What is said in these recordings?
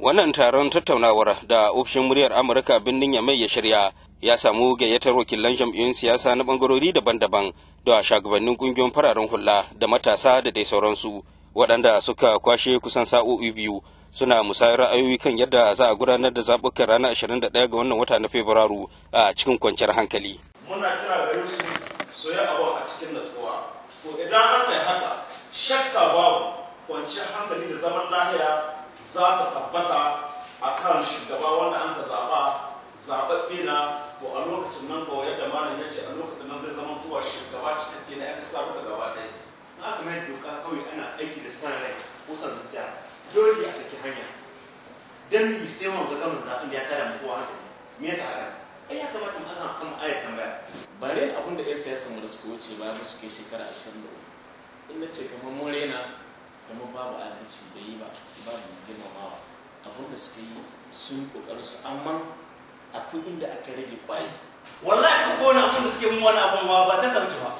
wannan taron tattaunawar da ofishin muryar amurka birnin yamai ya shirya ya samu gayyatar wakilan jam'iyyun siyasa na bangarori daban-daban da shagabannin kungiyoyin fararen hula da matasa da dai sauransu waɗanda suka kwashe kusan sa'o'i biyu suna musayar ra'ayoyi kan yadda za a gudanar da zaɓukan ranar 21 ga wannan wata na fabrairu a cikin kwanciyar hankali muna kira gare su su yi abu a cikin natsuwa to idan an yi haka shakka babu kwanciyar hankali da zaman lahiya za ta tabbata a kan shugaba wanda an ka zaɓa zaɓaɓɓe na to a lokacin nan kawai yadda malam ya ce a lokacin nan zai zama tuwa shugaba cikakke na yanka sabu ka gaba ɗaya na aka mai doka kawai ana aiki da san rai ko san zuciya dole a saki hanya dan mi sai mu ga gamin zaɓen ya tara mu kowa haka me yasa haka ai ya kamata mu azan kan ayat tambaya bare abin da 'yan siyasa mu da suka wuce baya ba su kai shekara ashirin in na ce kamar Morena. raina kamar babu adalci bai yi ba babu da suka yi sun kokarin su amma akwai inda aka rage kwaye wallahi ko gona abin da suke mun wani abun ma ba sai sarki ba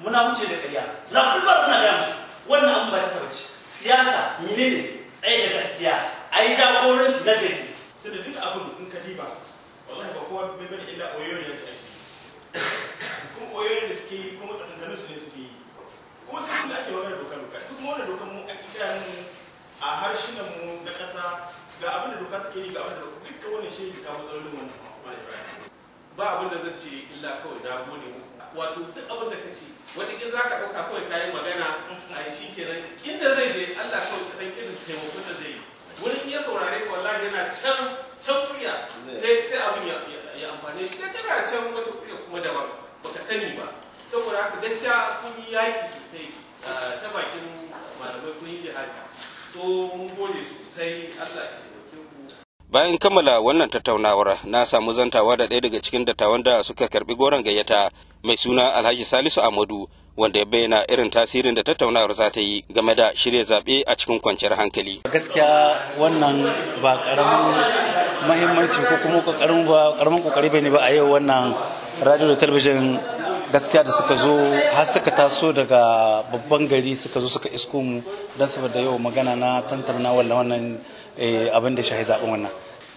muna wuce da ƙarya lafi ba muna ga musu wannan abun ba sai sarki siyasa mine ne tsaye da gaskiya a yi jagoranci na gari sai da duk abin in ka diba wallahi ba kowa bai bane illa oyoyin ya ta kuma oyoyin da suke yi kuma tsakankanin su ne suke yi kuma sai da ake magana dokar dokar ita kuma wannan dokar mu ake kira mu a harshen mu ga abin da doka take yi ga abin da dukkan wannan shi ta matsalolin wannan ba abin da zan ce illa kawai na gode wato duk abin da ka ce watakin za ka ɗauka kawai yi magana a yi shi kenan inda zai je allah kawai san irin taimakon da zai yi wurin iya saurare ka wallahi yana can can kuya sai sai abin ya amfane shi kai tana can wata kuya kuma ba baka sani ba saboda haka gaskiya kun yi yaki sosai ta bakin malamai kun yi jihadi so mun gode sosai Allah ya bayan kammala wannan tattaunawar na samu zantawa da ɗaya daga cikin dattawan da suka karbi goron gayyata mai suna Alhaji Salisu Amadu wanda ya bayyana irin tasirin da tattaunawar za ta yi game da shirya zaɓe a cikin kwanciyar hankali. Gaskiya wannan ba ƙaramin mahimmanci ko kuma ƙaramin ƙoƙari bane ba a yau wannan radio da talabijin gaskiya da suka zo har suka taso daga babban gari suka zo suka isko mu don saboda yau magana na tantarna wannan wannan eh, abin da shahi zaben wannan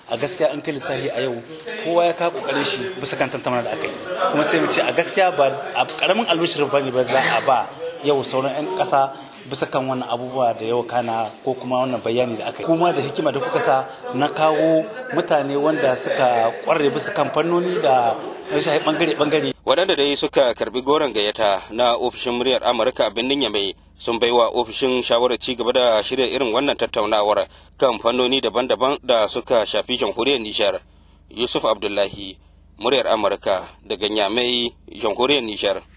a gaskiya an kai lissafi a yau kowa ya kawo ƙoƙarin shi bisa kan tantamana da aka yi kuma sai mu ce a gaskiya ba a ƙaramin albishir ba ne ba za a ba yau sauran 'yan kasa bisa kan wani abubuwa da yau kana ko kuma wannan bayani da aka yi kuma da hikima da kuka sa na kawo mutane wanda suka kware bisa kan fannoni da rashin bangare-bangare waɗanda dai suka karbi goron gayyata na ofishin muryar amurka a birnin yamai sun wa ofishin shawarar ci gaba da shirya irin wannan tattaunawar kan fannoni daban-daban da suka shafi jamhuriyar nishar yusuf abdullahi muryar amurka daga nyamai jamhuriyar nishar